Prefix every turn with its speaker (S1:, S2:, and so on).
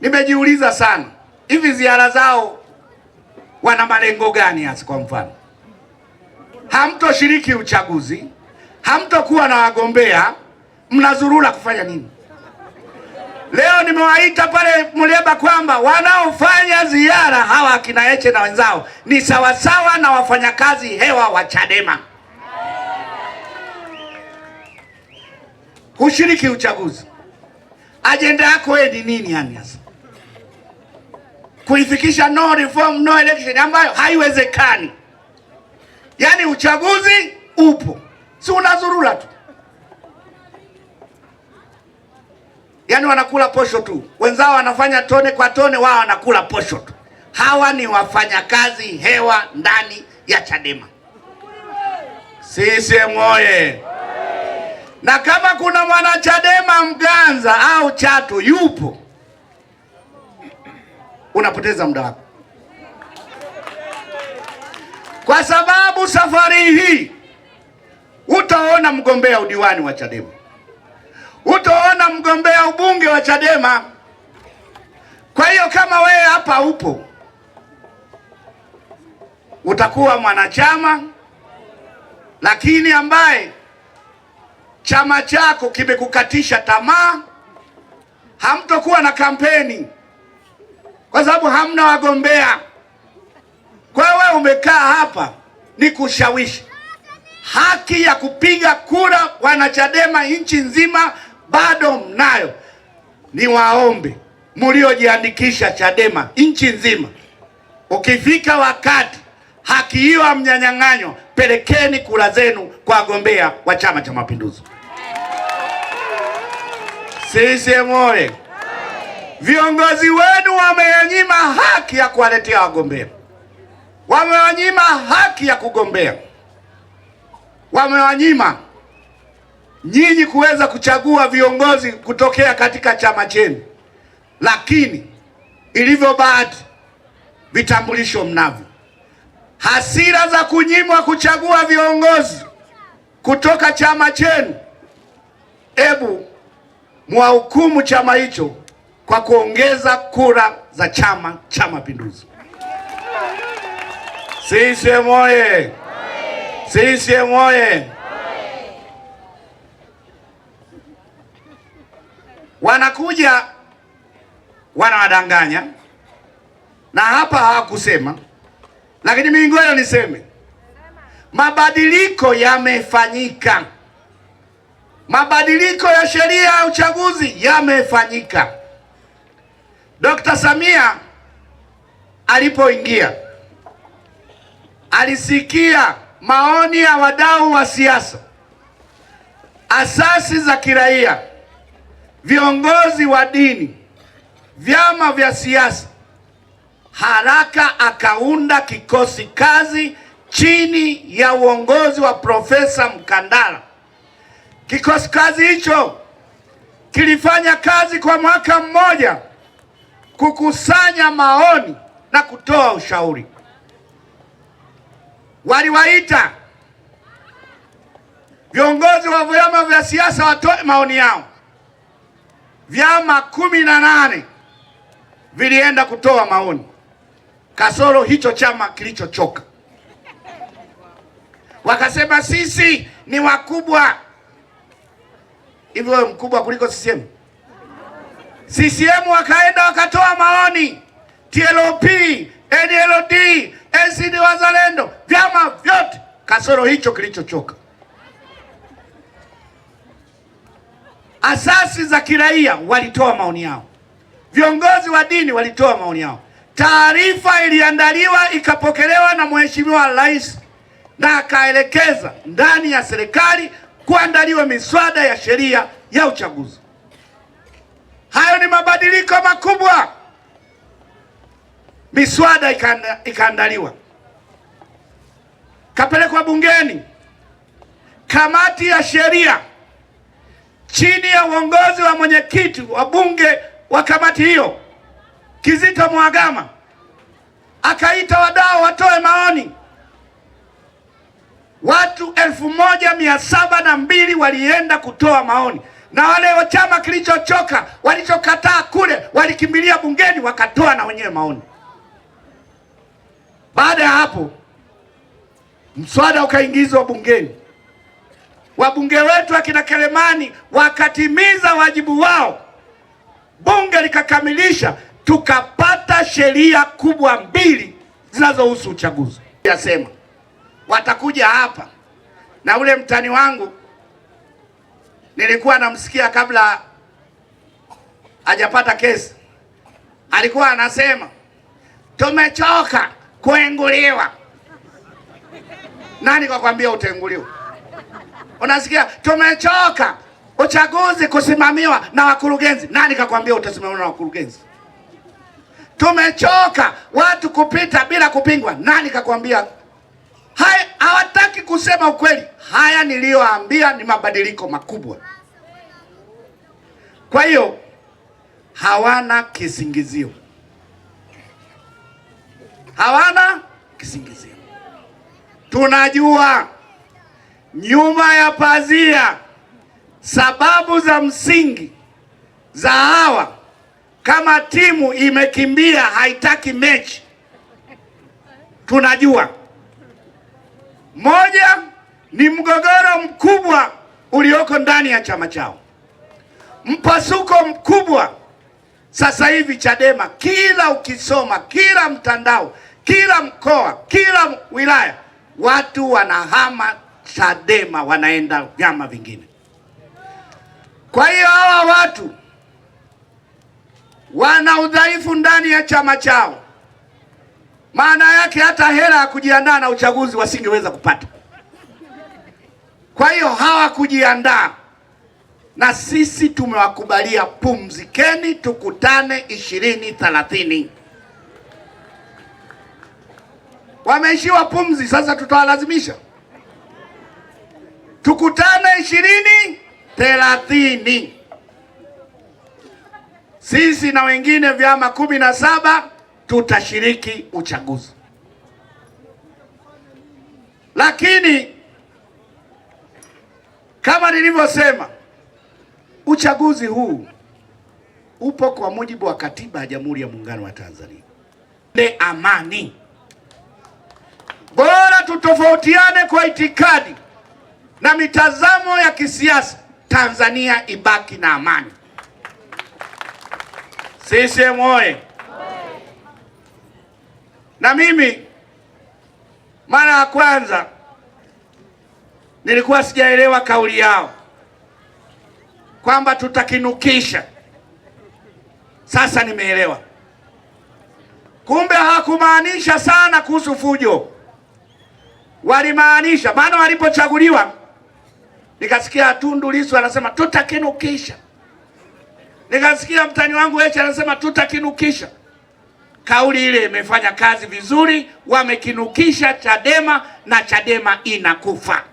S1: nimejiuliza sana, hivi ziara zao wana malengo gani hasa? Kwa mfano, hamtoshiriki uchaguzi, hamtokuwa na wagombea, mnazurura kufanya nini? Leo nimewaita pale Muleba kwamba wanaofanya ziara hawa akina Heche na wenzao ni sawasawa na wafanyakazi hewa wa Chadema, hushiriki uchaguzi. Ajenda yako wewe ni nini yani hasa? kuifikisha no reform no election ambayo haiwezekani. Yaani uchaguzi upo, si unazurura tu, yaani wanakula posho tu, wenzao wanafanya tone kwa tone, wao wanakula posho tu. Hawa ni wafanyakazi hewa ndani ya Chadema. CCM oye! Na kama kuna mwanachadema Mganza au chatu yupo unapoteza muda wako, kwa sababu safari hii utaona mgombea udiwani wa Chadema, utaona mgombea ubunge wa Chadema. Kwa hiyo kama wewe hapa upo, utakuwa mwanachama lakini ambaye chama chako kimekukatisha tamaa. Hamtokuwa na kampeni kwa sababu hamna wagombea. Kwa hiyo wewe umekaa hapa ni kushawishi. Haki ya kupiga kura wanachadema nchi nzima bado mnayo. Ni waombe mliojiandikisha Chadema nchi nzima, ukifika wakati haki hiyo amnyanyang'anywa pelekeni kura zenu kwa wagombea wa Chama cha Mapinduzi. CCM oye! Viongozi wenu wamewanyima haki ya kuwaletea wagombea, wamewanyima haki ya kugombea, wamewanyima nyinyi kuweza kuchagua viongozi kutokea katika chama chenu, lakini ilivyo bahati, vitambulisho mnavyo. Hasira za kunyimwa kuchagua viongozi kutoka chama chenu, ebu mwahukumu chama hicho kwa kuongeza kura za Chama cha Mapinduzi. CCM oye! CCM oye! Wanakuja wanawadanganya, na hapa hawakusema, lakini mimi ngoja niseme mabadiliko yamefanyika, mabadiliko ya sheria ya uchaguzi yamefanyika. Dkt. Samia alipoingia alisikia maoni ya wadau wa siasa, asasi za kiraia, viongozi wa dini, vyama vya siasa, haraka akaunda kikosi kazi chini ya uongozi wa Profesa Mkandala. Kikosi kazi hicho kilifanya kazi kwa mwaka mmoja kukusanya maoni na kutoa ushauri. Waliwaita viongozi wa vyama vya siasa watoe maoni yao. Vyama kumi na nane vilienda kutoa maoni, kasoro hicho chama kilichochoka. Wakasema sisi ni wakubwa, hivyo mkubwa kuliko CCM. CCM wakaenda wakatoa maoni, TLP, NLD, NCD Wazalendo, vyama vyote kasoro hicho kilichochoka. Asasi za kiraia walitoa maoni yao, viongozi wa dini walitoa maoni yao. Taarifa iliandaliwa ikapokelewa na Mheshimiwa Rais na akaelekeza ndani ya serikali kuandaliwa miswada ya sheria ya uchaguzi. Hayo ni mabadiliko makubwa. Miswada ikaanda, ikaandaliwa kapelekwa bungeni. Kamati ya sheria chini ya uongozi wa mwenyekiti wa bunge wa kamati hiyo Kizito Mwagama akaita wadau watoe maoni. Watu elfu moja mia saba na mbili walienda kutoa maoni na wale wa chama kilichochoka walichokataa kule walikimbilia bungeni wakatoa na wenyewe maoni. Baada ya hapo, mswada ukaingizwa bungeni. Wabunge wetu akina Kelemani wakatimiza wajibu wao, bunge likakamilisha, tukapata sheria kubwa mbili zinazohusu uchaguzi. Yasema watakuja hapa na ule mtani wangu nilikuwa namsikia kabla hajapata kesi, alikuwa anasema tumechoka kuenguliwa. Nani kakwambia utenguliwa? Unasikia, tumechoka uchaguzi kusimamiwa na wakurugenzi. Nani kakwambia utasimamiwa na wakurugenzi? Tumechoka watu kupita bila kupingwa. Nani kakwambia haya, hawataki kusema ukweli. Haya niliyoambia ni mabadiliko makubwa, kwa hiyo hawana kisingizio, hawana kisingizio. Tunajua nyuma ya pazia sababu za msingi za hawa. Kama timu imekimbia haitaki mechi, tunajua. Moja ni mgogoro mkubwa ulioko ndani ya chama chao, mpasuko mkubwa sasa hivi Chadema. Kila ukisoma, kila mtandao, kila mkoa, kila wilaya, watu wanahama Chadema, wanaenda vyama vingine. Kwa hiyo hawa watu wana udhaifu ndani ya chama chao. Maana yake hata hela ya kujiandaa na uchaguzi wasingeweza kupata. Kwa hiyo hawakujiandaa, na sisi tumewakubalia pumzikeni, tukutane ishirini thelathini. Wameishiwa pumzi, sasa tutawalazimisha tukutane ishirini thelathini, sisi na wengine vyama kumi na saba tutashiriki uchaguzi, lakini kama nilivyosema, uchaguzi huu upo kwa mujibu wa katiba ya Jamhuri ya Muungano wa Tanzania. Ne amani bora, tutofautiane kwa itikadi na mitazamo ya kisiasa, Tanzania ibaki na amani. CCM oye! Na mimi mara ya kwanza nilikuwa sijaelewa kauli yao kwamba tutakinukisha. Sasa nimeelewa, kumbe hawakumaanisha sana kuhusu fujo, walimaanisha. Maana walipochaguliwa nikasikia Tundu Lissu anasema tutakinukisha, nikasikia mtani wangu Heche anasema tutakinukisha. Kauli ile imefanya kazi vizuri, wamekinukisha Chadema na Chadema inakufa.